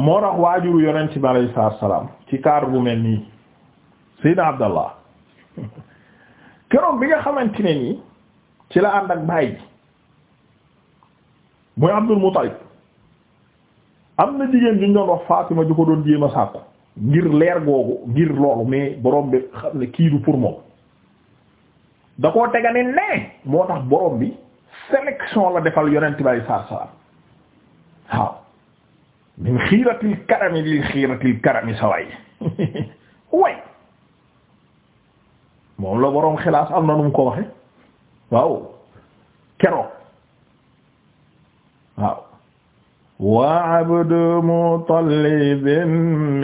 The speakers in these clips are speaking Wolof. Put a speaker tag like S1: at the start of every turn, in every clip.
S1: moo tax waajuru yonent bi alayhi salaam ci kaar bu mel nii Seydina Abdallah keroog bi nga xamante ne nii ci la ànd ak baay ji muy Abdul Muttalib am na jigéen ju ñu doon wax Fatima ju ko doon jéem a sàkku ngir leer googu ngir loolu mais borom bi xam ne kii du pour moom da koo tegani ne moo tax borom bi sélection la defal yonent bi alayhi salaam waaw min xiiratil karami lil xiiratil karami sa waay way moom la boroom xilaas am na nu mu ko waxe waaw keroog waaw wa abdu mutallibin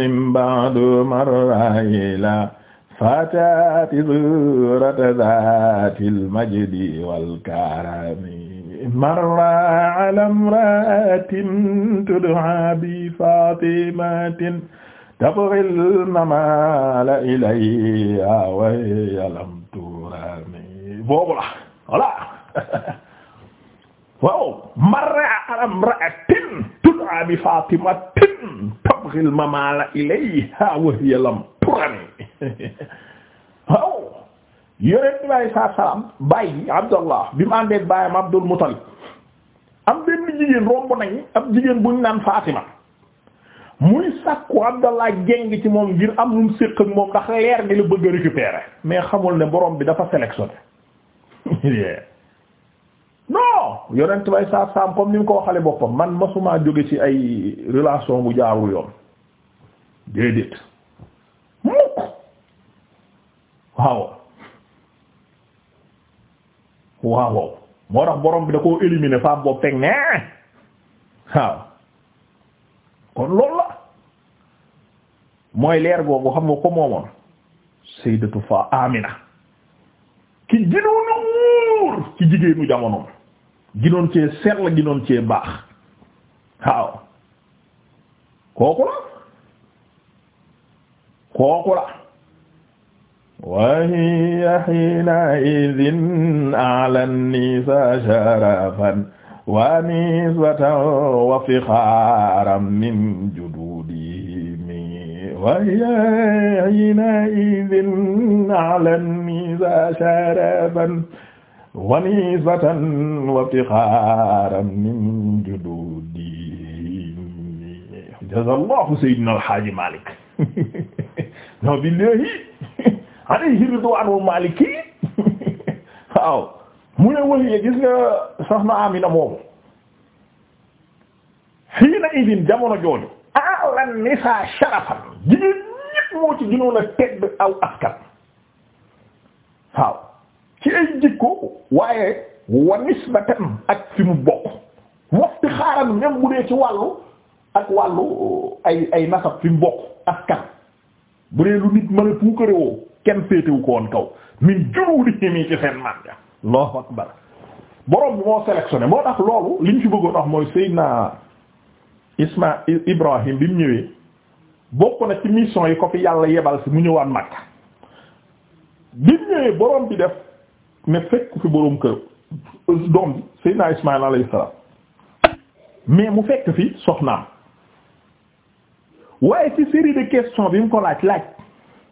S1: min ba'du marrayla fatati zurata zatil majdi wal karami marra ala imra'atin tud'a bi fatimatin tabghil mamala ilayha wa yalam turani boobu la voilà waaw marra ala imra'atin tud'a bi fatimatin tabghil mamala ilayha wa yalam turani waaw yonent bi alayhi salaatu salaam bàyyi Abdallah bi mu àndee baayam Abdul Muttalib am benn jigéen romb nañ ab jigéen bu ñu naan Fatima muy sàkku Abdallah jeng ci moom ngir am lu mu séq ak moom ndax leer ni la bëgg a récupérer mais xamul ne borom bi dafa sélectionné non yonent bi alayhi salaam comme ni mu ko waxale boppam man masumaa jóge ci ay relation bu jaarul yoon déedéet mukk waaw waaw moo tax borom bi da koo éliminer femme boobu teg ne waaw kon loolu la mooy leer googu xam nga ko moomoon sayyidatu fa Amina ki ginoonu wóor ci jigéenu jamonoom ginoon cee sell ginoon cee baax waaw kooku la kooku la wahiya hiina idin alan nisa sharafan wa nisbatan wa fikhaaran min jududihim wahiya hiina idin alan nisa sharafan wa nisbatan wa fikhaaran min jududihim jazallahu sayyidina alhaaji Malik no billahi alayhi ridwaanul maaliki waaw mu ne wëyee gis nga soxna Amina moomu hiina idin jamono jooju ala nisaa sharafan jigéen ñépp moo ci gënoon a tedd aw askan waaw ci ay jikko waaye wa nisbatan ak fi mu bokk waxtu xaaral même bu dee ci wàllu ak wàllu ay ay nasab fi mu bokk askan bu dee lu nit mën puukarewoo kenn féetewu ko woon kaw min juruudihim ci seen man ja allahu akbar borom bi moo sélectionné moo tax loolu liñ fi bëggoon wax mooy Seydina Isma Ibrahim bi mu ñëwee bokk na ci mission yi ko fi yàlla yebal si mu ñëwaan Makka bi mu ñëwee borom bi def ne fekk fi borom kër doom bi Seydina Ismaïl alayhi salaam mais mu fekk fi soxnaam waaye ci série de questions bi mu ko laaj laaj.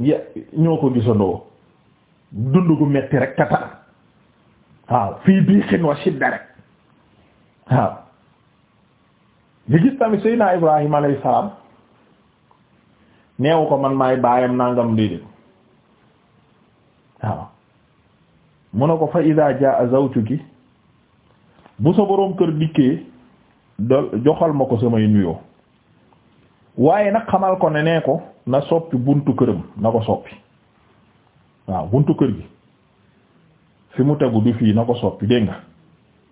S1: ya ñoo ko gisandoo dund gu metti rek katar waaw fii bii xin wa shidda rek waaw li gis tamit Seydina Ibrahima alayhi salaam neewu ko man maay baayam nangam déedéet waaw mu ne ko fa idaa jaa zawjuki bu sa boroom kër dikkee do joxal ma ko samay nuyoo waaye nag xamal ko ne nee ko na soppi buntu këram na ko soppi waaw buntu kër gi fi mu tegu du fii na ko soppi dégg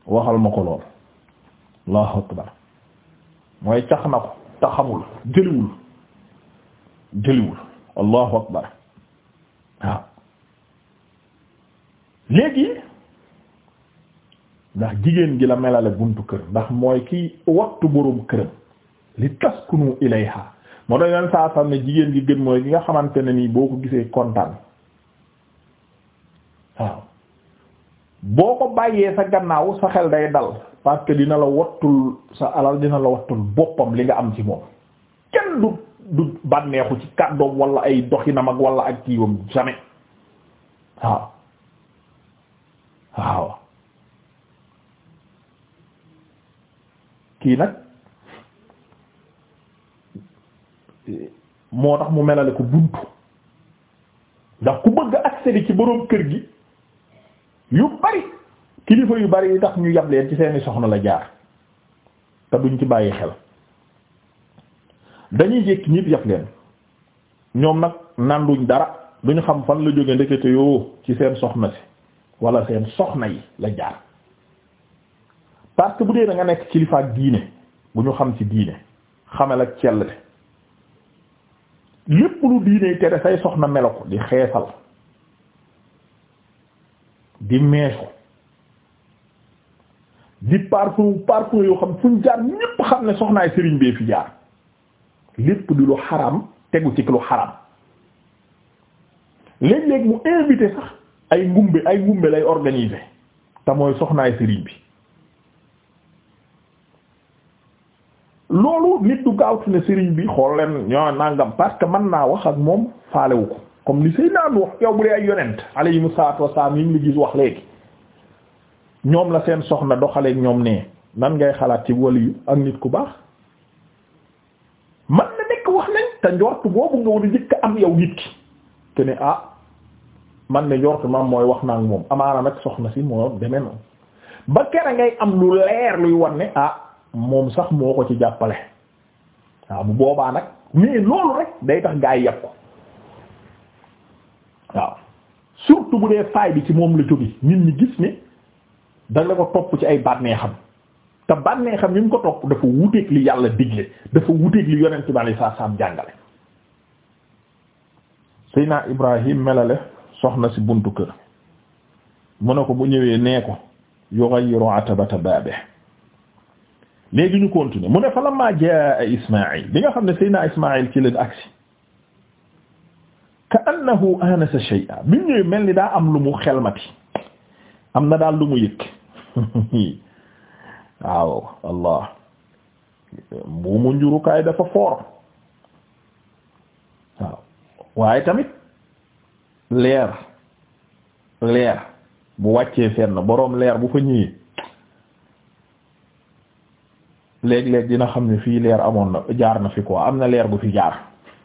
S1: waxal ma ko lool allahu akbar mooy cax na ko taxamul jëliwul jëliwul allahu akbar waaw léegi ndax jigéen gi la melale buntu kër ndax mooy ki waxtu boroom këram li taskunu ilayha moo tax yeneen saa ne jigéen gi gën mooy gi nga xamante ne nii boo ko gisee kontaan waaw boo ko bàyyee sa gannaaw sa xel day dal parce dina la wattul sa alal dina la wattul boppam li nga am ci moom kenn du du bànneexu ci kàddoom wala ay doxinam ak wala ak kiiwam jamais waaw waaw kii nag moo tax mu melale ko buntu ndax ku bëgg accéder ci boroom kër gi yu bari kilifa yu bari yi tax ñu yab leen ci seeni soxna la jaar te duñ ci bàyyi xel dañuy jékki ñépp yab leen ñoom nag nanduñ dara duñu xam fan la jóge ndekete yoo ci seen soxna si walla seen soxna yi la jaar parce que bu dee da nekk kilifa ak diine bu ñu xam ci diine xamal ak cell lépp lu diine tere say soxna melo ko di xeesal di meesu di parfum parfum yoo xam fuñ jaar ñépp xam ne soxnaay sëriñ bee fi jaar lépp di lu xaram tegu ci lu xaram léeg-léeg mu invité sax ay ngumbe ay ngumbe lay organiser te mooy soxnaay sëriñ bi loolu nit du gaawtu ne sëriñ bi xool leen ñoo nangam parce que mën naa wax ak moom faalewu ko comme li say naan wax yow bu dee ay yonent alayhimu salaatu saam yi la gis wax léegi ñoom la seen soxna doxaleek ñoom nee nan ngay xalaat ci waliyu ak nit ku baax man na nekk wax nañ te njort boobu nga war a jëkk am yow nit ki te ne ah man ne njort mam mooy wax naa ak moom amaana nag soxna si moo demee noonu ba kera ngay am lu leer luy wan ne ah moom sax moo ko ci jàppale waaw bu boobaa nag mais loolu rek day tax gaa yi ko waaw surtout bu dee faay bi ci moom la jóge nit ñi gis ne da la ko topp ci ay bànneexam te bànneexam yi mu ko topp dafa wuteeg li yàlla digle dafa wuteeg li yonent bi saa saam jàngale Seyna Ibrahim melale soxna si buntu kër mu ne ko bu ñëwee nee ko yughayyiru atabata babe léegi ñu continuer mu ne fa lamma jaa Ismaïl bi nga xam ne Seydina Ismaïl ci leen agsi ka annahu anasa shay'a bi ñëwee mel ni daa am lu mu xelmati am na daal lu mu yëg waaw allah bu mu njurukaay dafa foor waaw waaye tamit leer leer bu wàccee fenn boroom leer bu fa ñëwee léeg-léeg dina xam ne fii leer amoon na jaar na fi ko am na leer gu fi jaar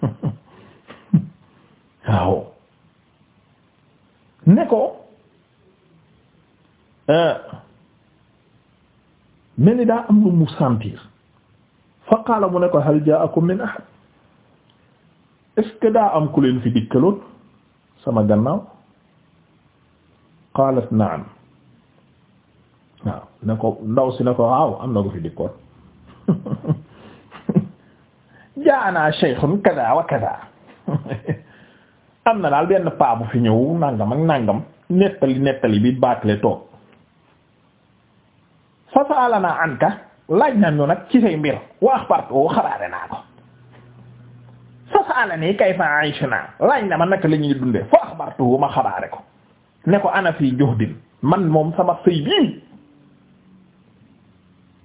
S1: waaw ne ko euh, mel ni daa am lu mu sentir fa qaala mu ne ko hal jaakum min ahad est daa am ku leen fi dikkaloon sama gannaaw qaalat na'am ne ko ndaw si ne ko waaw am na ko fi dikkoon jaanaa shaykhun kada wa kada am na daal benn paa fi ñëw nangam ak nangam nettali nettali bi baatle toog fa saalana anka laaj na ñu nag ci say mbir waax parto xalaate naa ko fa saalani kayfa aishuna laaj na ma naka la ñuy dunde fa axbartuhu ma xabaare ko ne ko ana fii juhdin man moom sama sëy bii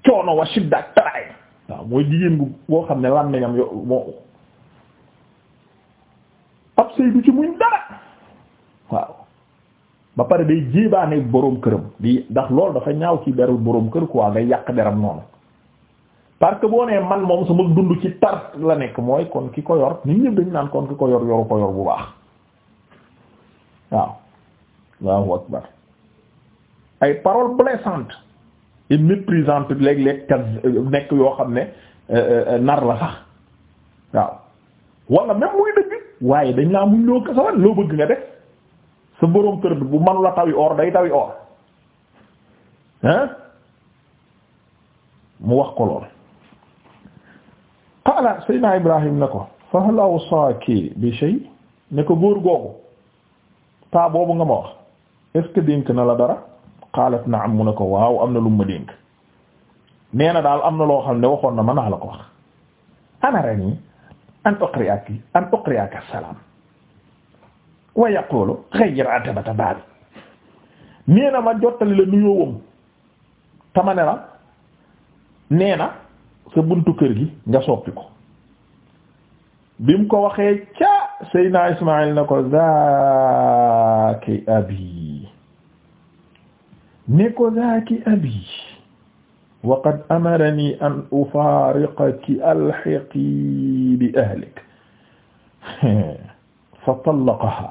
S1: coono wa shidda taraay waaw mooy jigéen bu boo xam ne làmmiñam yo moo ab sëy du ci muñ dara waaw ba pare day jéebaane boroom këram di ndax loolu dafa ñaaw ci deru boroom kër quoi ngay yàq deram noonu parce que boo nee man moom sama dund ci tar la nekk mooy kon ki ko yor nit ñëpp dañu naan kon ki ko yor yoru ko yor bu baax waaw waaw akbar ay parole blessante il méprisante léeg-léeg kat euh, nekk yoo xam ne euh, euh, nar la sax waaw wala même muy dëgg waaye dañ laa muñ loo kasawan loo bëgg nga def sa boroom kër bi bu manu la tawi or day tawi or hein mu wax ko lool qaala seydna ibrahim ne ko fa hal awsaaki bi shay ne ko góor googu paa boobu nga ma wax est dénk na la dara qaalat na'am mu ne ko waaw am na lu ma dénk nee na daal am na loo xam ne waxoon na ma naa la ko wax amarani an uqri'aki an uqri'aka wa yaqulu ghayyir atabata baabi nee ma jottali la nuyoowam tama ne la na sa buntu kër gi nga soppi ko bi mu ko waxee ca Seydina Ismaïl na ko zaaki abi ne ko zaaki abi wa qad amarani an ufaariqaki alxiqi bi ahlik fa tallaqaha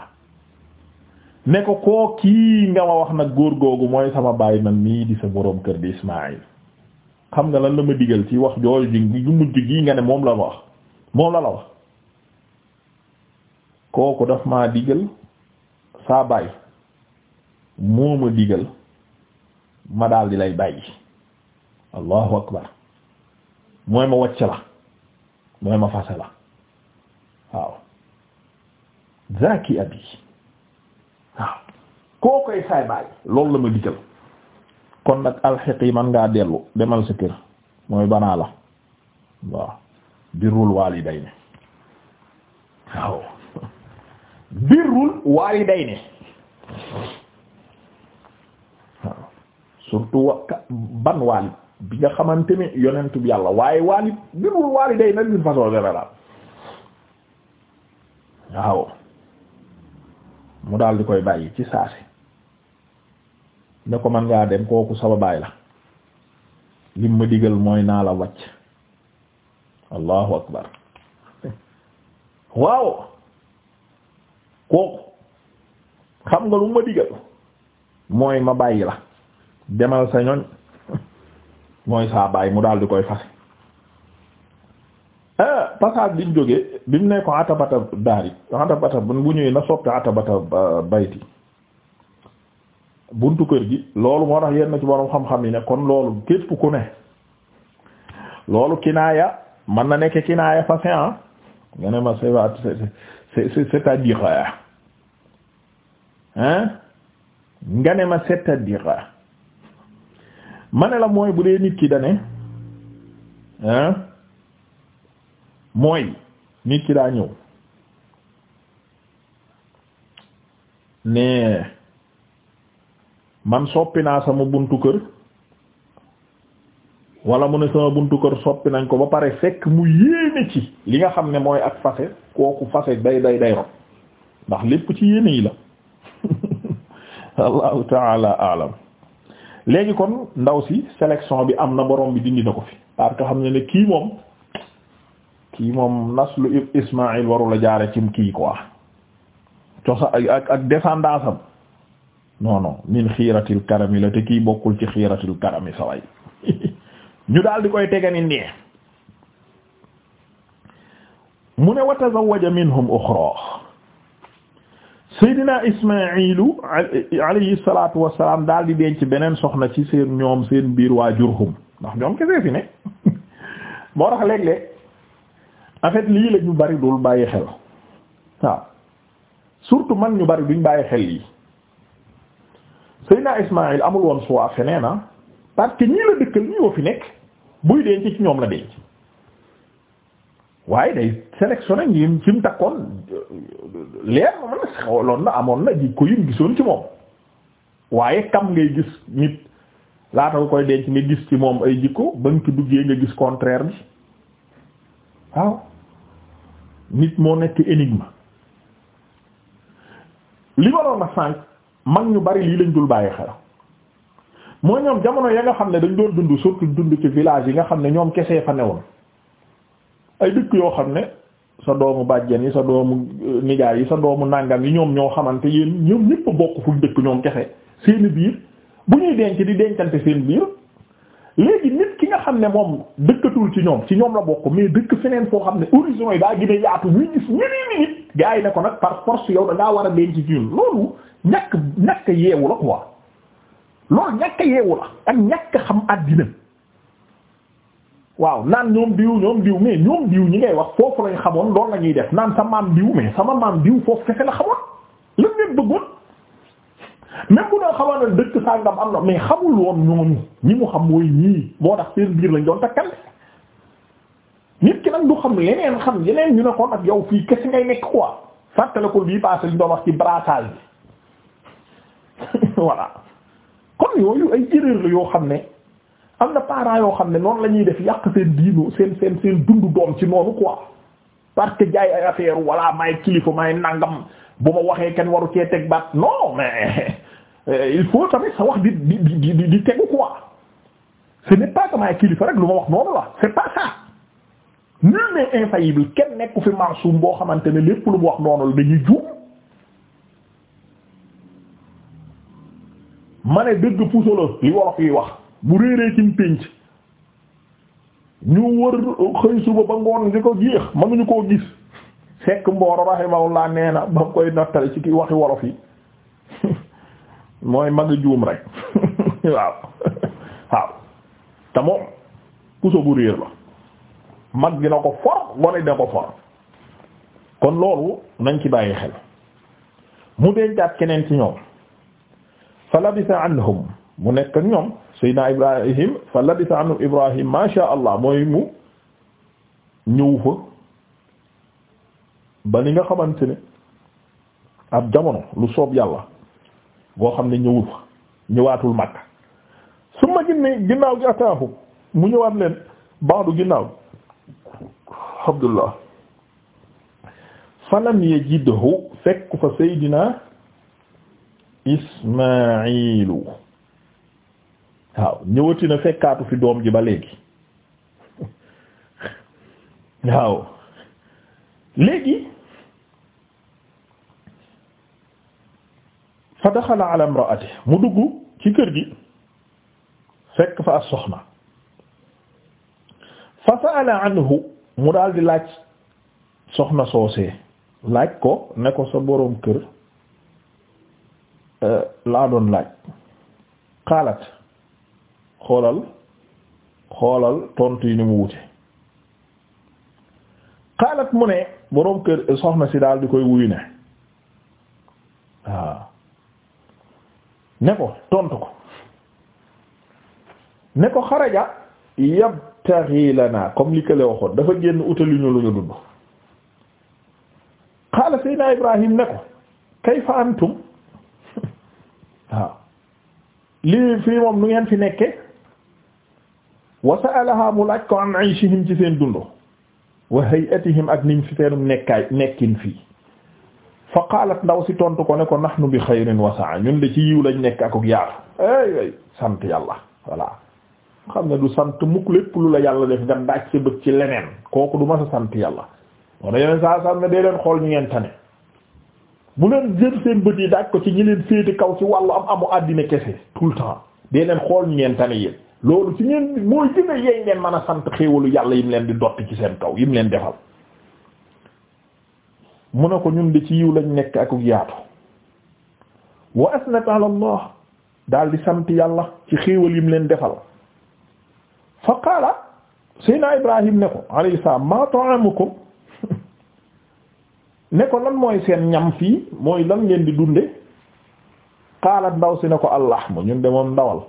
S1: ne ko koo kii nga ma wax nag góor googu mooy sama bàyyi man mii di sa boroom kër di Ismaïl xam nga lan la ma digal ci wax jooju ji ju nga ne moom la la wax moom la la wax kooku daf maa digal saa baay moo ma digal ma daal di lay bàyyi allahu akbar mooy ma wàcc la mooy ma fase la waaw zaki abi waaw koo koy saay bàyyi loolu la ma digal kon nag alxiq yi man ngaa dellu demal sa kër mooy banaa la waaw birrul waalidayni waaw birrul waalidayni surtout wakka ban waalid bi nga xamante ne yonentu yàlla waaye waalid birul waaliday nag d'une façon générale waaw mu daal di koy bàyyi ci saasi ne ko man ngaa dem kooku sama baay la lim ma digal mooy naa la wacc allahu akbar waaw kooku xam nga lu ma digal mooy ma bàyyi la demal sa ñoñ mooy saa baay mu daal di koy fase ah, passage bi mu jógee bi mu nekkoon atabata daari atabata bu ñëwee na soppi atabata ah, bayti buntu kër gi loolu moo tax yenn ci borom xam-xam yi ne kon loolu képp ku ne loolu kinaaya man na nekk kinaaya fase ah nga ne ma c'est c'est c'est-à-dire hein nga ne ma c'est-à-dire mane la mooy bu dee nit ki dane hein mooy nit ki daa ñëw ne man soppi naa sama buntu kër wala mu ne sama buntu kër soppi nañ ko ba pare fekk mu yéene ci li nga xam ne mooy ak fase kooku fase day day day rob ndax lépp ci yéene yi la wallahu taala alam léegi kon ndaw si sélection bi am na borom bi dindi na ko fi parce que xam ne ne kii moom kii moom naslu Ismaïl warul a jaare cim kii quoi cosa ak ak descendance am non non min xiiratil karami la te kii bokkul ci xiiratil karami saway ñu daal di koy tegani nii mu ne wa tazawwaja minhum ukhra Seydina Ismaayilu alayhi salaatu wa salaam daal di denc beneen soxna ci seen ñoom seen biir waa Jurhum ndax ñoom kese fi ne moo tax léeg-léeg en lii la ñu bari dul bàyyi xel waaw surtout man ñu bari duñ bàyyi xel yi Seydina Ismaayil amul woon suwaa feneen ah. parce que ñii la dëkkal ñii wa fi nekk buy denc ci ñoom la denc. waaye day sélectionné ñi ci takkoon leer na man xawaloon na amoon na ji ko yim gisoon ci moom waaye kam ngay gis nit laa nga koy denc nga gis ci moom ay jikko ba nga ci duggee nga gis contraire bi waaw nit moo nekk énigme li ma doon a mag ñu bari lii lañ dul bàyyi xel moo ñoom jamono ya nga xam ne dañ doon dund surtout dund ci village yi nga xam ne ñoom kese fa newoon ay dëkk yoo xam ne sa doomu bàjjen yi sa doomu euh, nijaay yi sa doomu nàngam yi ñoom ñoo xamante yéen ñoom ñëpp bokk fu dëkk ñoom kese seeni biir bu ñuy denc di dencante seen biir léegi nit ki nga xam ne moom dëkkatul ci ñoom ci ñoom la bokk mais dëkk feneen foo xam ne horizon yi daa gën a yaatu ñuy gis ñeneen nit gaa yi ne ko nag par force yow da war a denc ci ñun loolu ñàkk ñàkk yeewu la quoi loolu ñàkk yeewu la ak ñàkk xam àddina waaw naan ñoom diw ñoom diw mais ñoom diw ñi ngay wax foofu lañ xamoon loolu la ñuy def naan sa maam diw mais sama maam diw foofu kese la xamoon lan ngeen bëggoon même bu doon xamoon ne dëkk sàngam am na mais xamul woon ñooñu ñi mu xam mooy ñii moo tax seen biir lañ doon takkal nit ki nag du xam yeneen xam yeneen ñu ne kon ak yow fii kese ngay nekk quoi fàttale ko bii passé ñu doon wax ci brassage bi voilà kon yooyu ay erreur la yoo xam ne. am na parents yoo xam ne noonu la ñuy def yàq seen diinu seen seen dundu doom ci noonu quoi parce que jaay ay affaire walla may kilifa may nangam bu ma waxee kenn waru cee teg baat non mais il faut tegu quoi ce n'est pas que may kilifa rek lu ma wax noonu la c'est pas ça nul n'est infaillible kenn nekku fi maasum boo xamante ne lépp lu mu wax noonu la dañuy juum ma ne dëgg puso la li wolof yi wax. bu réeree cim pénc ñu wër xëy suba ba ngoon di ko jeex mënuñu koo gis fekk mbooro rahimahullah nee na ba koy nattale ci ki waxi wolof yi mooy mag juum rek waaw waaw te moom puso bu réer la mag dina ko for gone dina ko for kon loolu nañ ci bàyyi xel mu dencaat keneen ci ñoom fa labisa anhum mu nekk ak ñoom Seydina Ibrahim fa labisa anhum Ibrahim ma sha Allah mooy mu ñëw fa ba li nga xamante ne ab jamono lu soob yàlla boo xam ne ñëwul fa ñëwaatul Makka su ma ginne ginnaaw gi ataahu mu ñëwaat leen baadu ginnaaw Abdullah falam yajidhu fekk fa Seydina Ismailu waaw ñëwati na fekkaatu fi doom ji ba léegi waaw léegi fa daxala ala imraati mu dugg ci kër gi fekk fa as soxna fa saala anhu mu daal di laaj soxna soosee laaj ko ne ko sa boroom kër euh, laa doon laaj qaalat xoolal xoolal tontu yi ni mu wute xaalat mu ne boroom kër soxna si daal di koy wuyu ne waaw ne ko tontu ko ne ko xaraja yabtaghi lana comme li kële waxoon dafa génn utali ñu lu ñu dund xaala Seydina Ibrahim ne ko kayfa antum waaw lii fii moom nu ngeen fi nekke wa sa'alaha mu laaj ko am an ayshihim ci seen dund wa hay'atihim ak niñ fi seenum nekkaay nekkin fii fa qaalat ndaw si tontu ko ne ko nahnu bi xayrin wa sa'a ñun de ci yiw lañu nekk akuk yaatu ay ay sant yàlla voilà xam ne du sant mukk lépp lu la yàlla def nga ndaaj sa bët ci leneen kooku du ma sa sant yàlla wala yeneen saa sant ne dee leen xool ñu ngeen tane bu leen jël seen bët yi daaj ko ci ñi leen féete kaw ci wàllu am amu àddina kese tout le temps dee xool ñu ngeen loolu ci ngeen mooy gën a yeey ngeen mën a sant xéewalu yàlla yim leen di dotti ci seen kaw yim leen defal mu ne ko ñun di ci yiw lañ nekk ak yaatu wa asnat ala allah daal di sant yàlla ci xéewal yim leen defal fa qaala sayna ibrahim ne ko alayhi salaam ma ta'amukum ne ko lan mooy seen ñam fii mooy lan ngeen di dunde qaalat ndaw si ne ko allahmu ñun de moom ndawal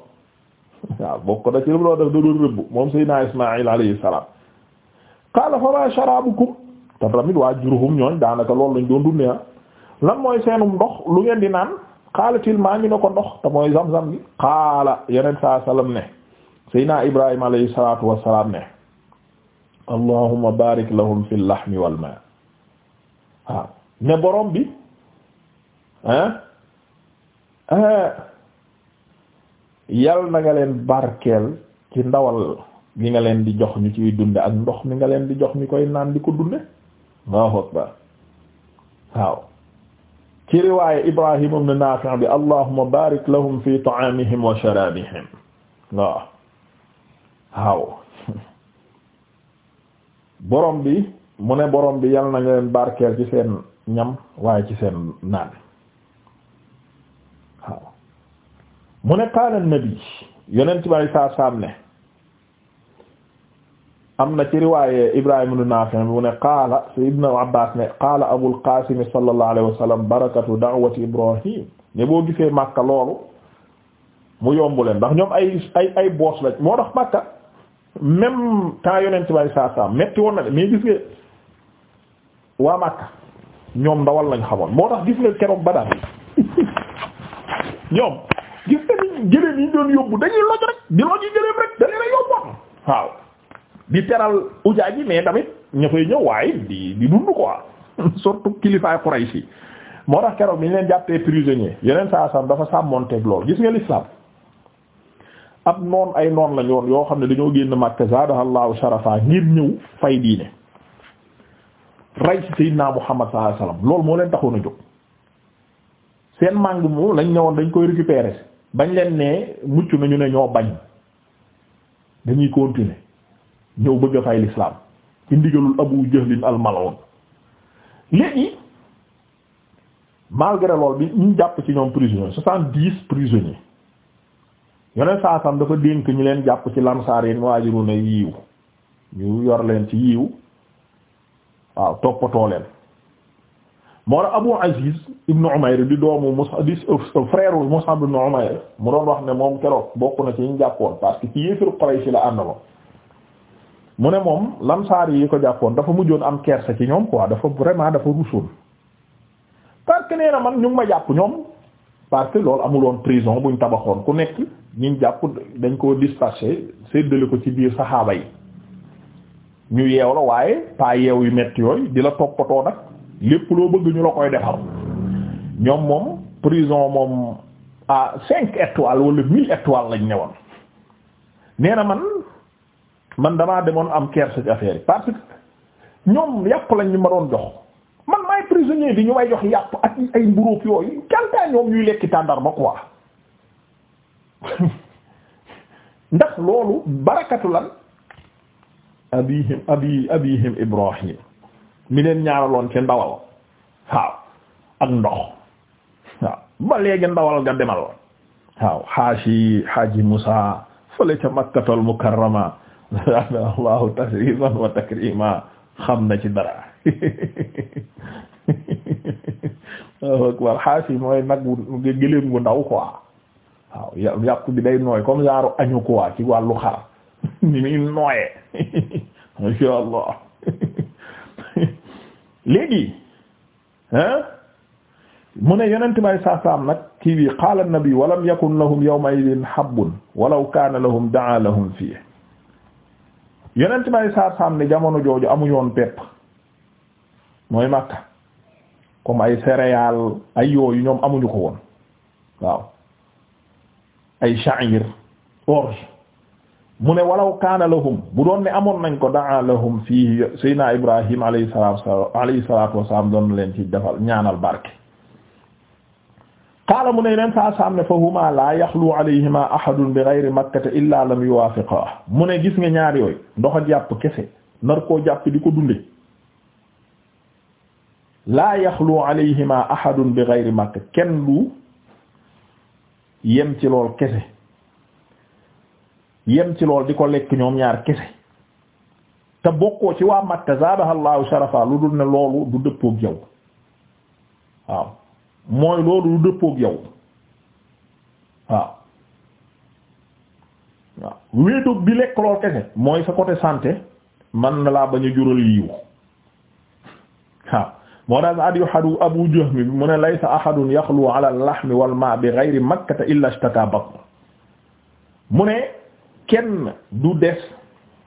S1: waaw bokk da ci lu mu doon def moom Seydina Ismaïl alayhi salaam qaala fa maa sharaabukum te tamit waa Jurhum ñooñ daanaka loolu lañ doon dundee ah lan mooy seenum ndox lu ngeen di naan qaalatil maa ko ndox te mooy zam-zam bi qaala yeneen salaam ne Seydina Ibrahima alayhi salaatu wa salaam ne allahumma barik lahum fil lahmi wal ne borom bi ah. ah yal na nga leen barkeel ci ndawal gi nga leen di jox ñu ciy dunde ak ndox mi nga leen di jox ñu koy naan di ko dunde Allahu akbar waaw ci riwaaya Ibrahim ibn Nafi' bi allahumma barik lahum fi ta'amihim wa sharabihim waaw waaw borom bi mu ne borom bi yal na nga leen barkeel ci seen ñam waaye ci seen naan waaw mu ne qaala nabi yonent bi ne am na ci riwaaye Ibrahim ibn Naafi mu ne qaala si Ibn Abbas ne qaala Abul Qaasim sallallahu alayhi wa sallam barakatu da'wati Ibrahim ne boo gisee Makka loolu mu yomb leen ndax ñoom ay ay ay boos lañ moo tax Makka même temps yonent bi saa saam metti woon na de mais gis nga waa Makka ñoom ndawal lañ xamoon moo tax gis nga keroog Badar ñoom. gis nga ni teral ujaaj yi mais tamit ña fay ñëw waaye di di dund quoi surtout kilifaay Quraysh yi moo tax keroog bi ñu dafa sàmmoonteeg lool gis nga l'islam ab noon ay noon lañu yoo xam ne dañoo génn Makka zaadahallahu sharafa ngir ñëw fay diine ray ci Seydina Muhammad sallallahu alayhi wasallam loolu moo leen taxoon a jóg seen màng moom lañ ñëwoon dañ koy récupérer bañ leen ne mucc nañu ne ñoo bañ dañuy continuer ñëw bëgg a fay l'islam ci ndigalul Abu Jahlin al-Mal'un léegi malgré loolu bi ñu jàpp ci ñoom prisonniers soixante-dix prisonniers yoneen saasam dafa dénk ñu leen jàpp ci lansaar yi waajiru na yiiw ñu yor leen ci yiiw waaw toppatoo leen moo tax Abu Aziz ibn Umayr di doomu Mus'ab di frère Mus'ab ibn Umayr mu doon wax ne moom keroog bokk na ci ñu jàppoon parce que ci yéefiru Quraysh la àndaloon mu ne moom lamsaar yi ko jàppoon dafa mujjoon am kersa ci ñoom quoi dafa vraiment dafa ruusoon parce que nee na man ñu ma jàpp ñoom parce que loolu amuloon prison buñ tabaxoon ku nekk ñu jàpp dañ koo dispatché séddale ko ci biir saxaaba yi ñu yeew la waaye pas yeew yu metti yooyu di la lépp loo bëgg ñu la koy defal ñoom moom prison moom à cinq étoiles wala mille étoiles lañu newoon nee na man man damaa demoon am kersa ci affaire yi parce que ñoom yàpp lañ ñu ma doon jox man maay prisonnier bi ñu may jox yàpp ak ay mburóob yooyu kantaa ñoom ñuy lekki tàndarma quoi ndax loolu barakatu lan abihim abi abihim ibrahim mi leen ñaaraloon ci ndawal waaw ak ndox waaw ba léegi ndawal nga demal waaw xaashi xaaji Musa fële ca Makkatul Mukarrama Allahu tasriman wa takrima xam na ci dara waaw ak war xaashi mooy nag wu gëléem gu ndaw quoi waaw yàpp bi day nooy comme genre añu quoi ci wàllu xar ni muy nooyee insha Allah léegi hein mu ne yonent bay saasaam nag kii bi qaala an-nabi walam yakun lahum yawma idin habbun walaw kaana lahum daa lahum fii yonent bay saasaam ne jamono jooju amu yoon pepp mooy Makka comme ay céréales ay yooyu ñoom amuñu ko woon waaw ay sha'ir orge mu ne walaw kaana lahum bu doon ne amoon nañ ko daa lahum fii Seydina Ibrahim alayhi salaatu alayhi salaatu wasalaam doon leen ci defal ñaanal barke qaala mu ne leen saa saam ne fa huma laa yaxlu alayhima ahadun bi ghayri makkata illa lam yuwaafiqa mu ne gis nga ñaar yooyu ndoxa jàpp kese nar koo jàpp di ko dunde laa yaxlu alayhima ahadun bi ghayri makka kenn du yem kese yem ci lool di ko lekk ñoom ñaar kese te bokkoo ci waa Makka zaadaha Allahu sharafa lu dul ne loolu du dëppook yow waaw mooy loolu du dëppook yow waaw waaw wéetoog bi lekk lool kese mooy sa côté santé man na laa bañ a jural yiw waaw moo daal ad yuhadu abu jahm bi mu ne laysa ahadun yaxlu ala al-lahmi wal bi ghayri makkata illa ishtaka mu ne kenn du des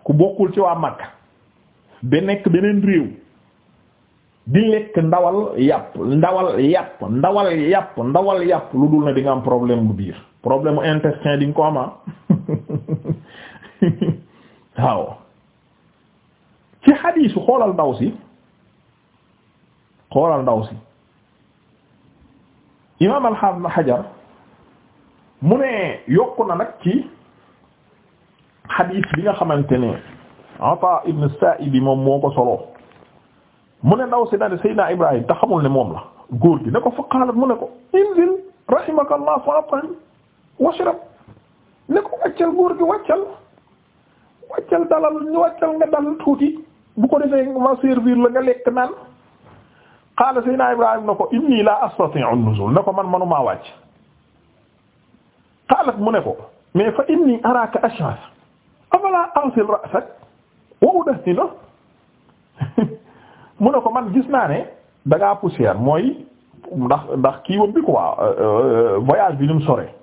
S1: ku bokkul ci waa Makka ba nekk beneen réew di lekk ndawal yàpp ndawal yàpp ndawal yàpp lu dul na di am problème bu biir problème mu intestin di nga ko ama ah. waaw ci xadiisu xoolal ndaw si xoolal ndaw si imaam alxaam na xajar mu ne yokku na nag ci xadiis bi nga xamante ne Ata ibn Sa'ib moom moo ko solo mu ne ndaw si na Seydina Ibrahim te ne moom la góor ne ko fa qaalat mu ne ko inzil rahimaka Allah fa'tan washrab ne ko wàccal góor gi dalal ñu wàccal nga dal tuuti bu ko defee ma servir la nga lekk naan qaala Seydina Ibrahim ne ko inni la astati'u an-nuzul ne ko man manumaa wàcc qaalat mu ne ko mais fa inni araka ash'ath afala ansil rasak wa udahdina mu ne ko man gis naa ne da ngaa poussière mooy ndax ndax kii wam bi quoi euh, euh, voyage bi ni mu sore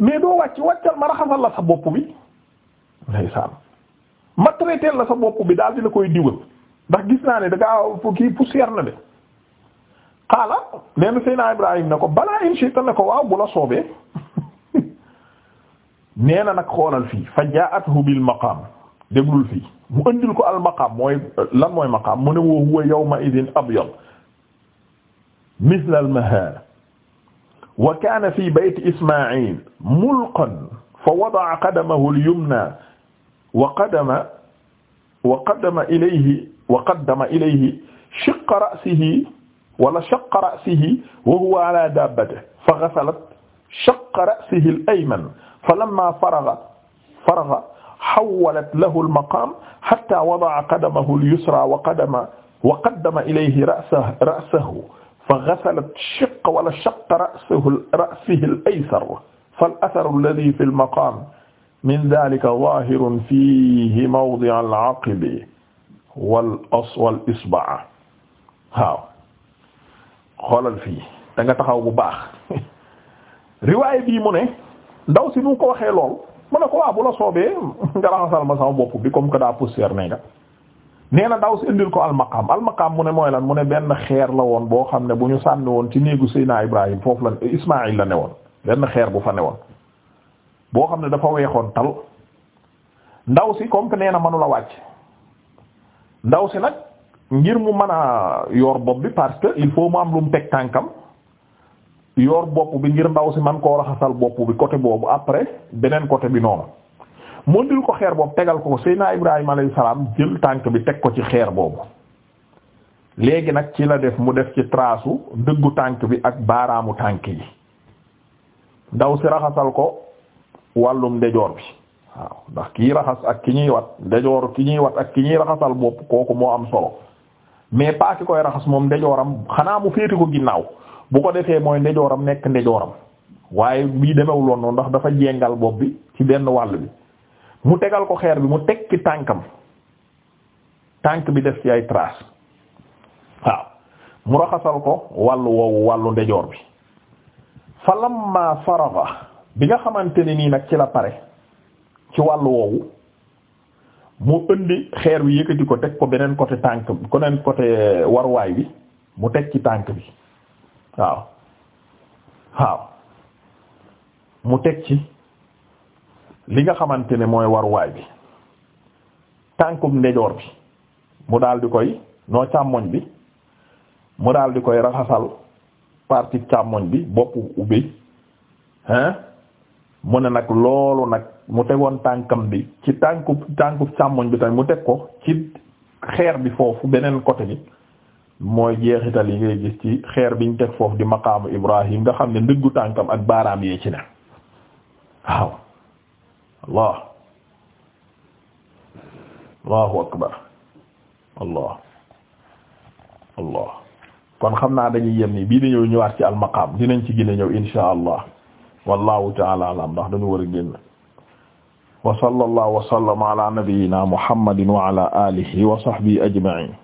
S1: mais doo wàcc wàccal ma raxasal la sa bopp bi ndeysaan ma traité la sa bopp bi daal dina koy diwal ndax gis naa ne da ngaa kii poussière na de xaala leen Seydina Ibrahim ne ko balaa in shi'ta ne ko waaw bu la soobee nee na nag xoolal fii fa jaathu bil maqaam déglul fii mu andil ko al maqaam mooy lan mooy maqaam mu ne wa huwa yawma idin abyad misla al mahaar wa kaana fi bayti isma'il mulqan fa wada'a qadamahu al yumna wa qadama wa qadama ilayhi wa qaddama ilayhi shiqqa ra'sihi wala shaqqa ra'sihi wa huwa ala dabbatihi fa ghasalat shaqqa ra'sihi al ayman falamma faraga faraga hawwalat lahu al-maqam hatta wada'a qadamahu al-yusra wa qadama wa qaddama ilayhi ra'sahu ra'sahu faghasalat shaqqa wala shaqqa ra'sahu ra'sihi al-aysar fal-atharu alladhi fi al-maqam min dhalika dhahirun fihi mawdi' al-'aqibi wal-as wal-isba' waaw xoolal fii da nga taxaw bu baax riwaay bi mu ne ndaw si bu ko waxee lool mu a ko waa bu la soobee nga raxasal ma sama bopp bi comme que daa poussière ne nga nee na ndaw si indil ko almaqaam almaqaam mu ne mooy lan mu ne benn xeer la woon boo xam ne bu ñu sànni woon ci néegu Seydina Ibrahim foofu la Ismaïl la ne woon benn xeer bu fa ne woon boo xam ne dafa weexoon tal ndaw si comme que nee na mënu la wàcc ndaw si nag ngir mu mën a yor bopp bi parce que il faut mu am lu mu teg tànkam yoor bopp bi ngir ndaw si man koo raxasal bopp bi côté boobu après beneen côté bi noonu mëndil ko xeer boobu tegal ko Seydina Ibrahima alayhi salaam jël tànk bi teg ko ci xeer boobu léegi nag ci la def mu def ci trasu dëggu tànk bi ak baaraamu tànk yi ndaw si raxasal ko wàllum ndejoor bi waaw ndax kii raxas ak ki ñuy wat ndejoor ki ñuy wat ak ki ñuy raxasal bopp kooku moo am solo mais pas ki koy raxas moom ndejooram xanaa mu féete ko ginnaaw bu ko defee mooy ndejooram nekk ndejooram waaye bii demewul woon noonu ndax dafa jengal bopp bi ci benn wàll bi mu tegal ko xeer bi mu teg tekki tànkam tànk bi def ci ay traces waaw mu raxasal ko wàll woowu wàllu ndejoor bi fa lamma faraga bi nga xamante ne nii nag ci la pare ci wàll woowu mu indi xeer bi yëkkati ko teg ko beneen côté tànk beneen côté waruwaay bi mu teg ci tànk bi waaw waaw mu teg ci li nga xamante ne mooy waruwaay bi tànkum ndejoor bi mu daldi koy noo càmmoñ bi mu daldi koy raxasal partie càmmoñ bi boppu ubbi hein mu ne nag loolu nag mu tegoon tànkam bi ci tànku tànku càmmoñ bi tamit mu teg ko ci xeer bi foofu beneen côté bi mooy jeexital yi ngay gis ci xeer biñ teg foofu di maqaamu Ibrahim nga xam ne ndëggu tànkam ak baaraam yee ci ne waaw allah allahu akbar allah allah kon xam naa dañuy yem ni bii di ñëw ñëwaat ci almaqaam dinañ ci gën a ñëw insha allah wallahu taala alam ndax dañu war a génn wa sallallahu wa sallama ala nabiyyina muhammadin wa alihi wa sahbihi ajma'in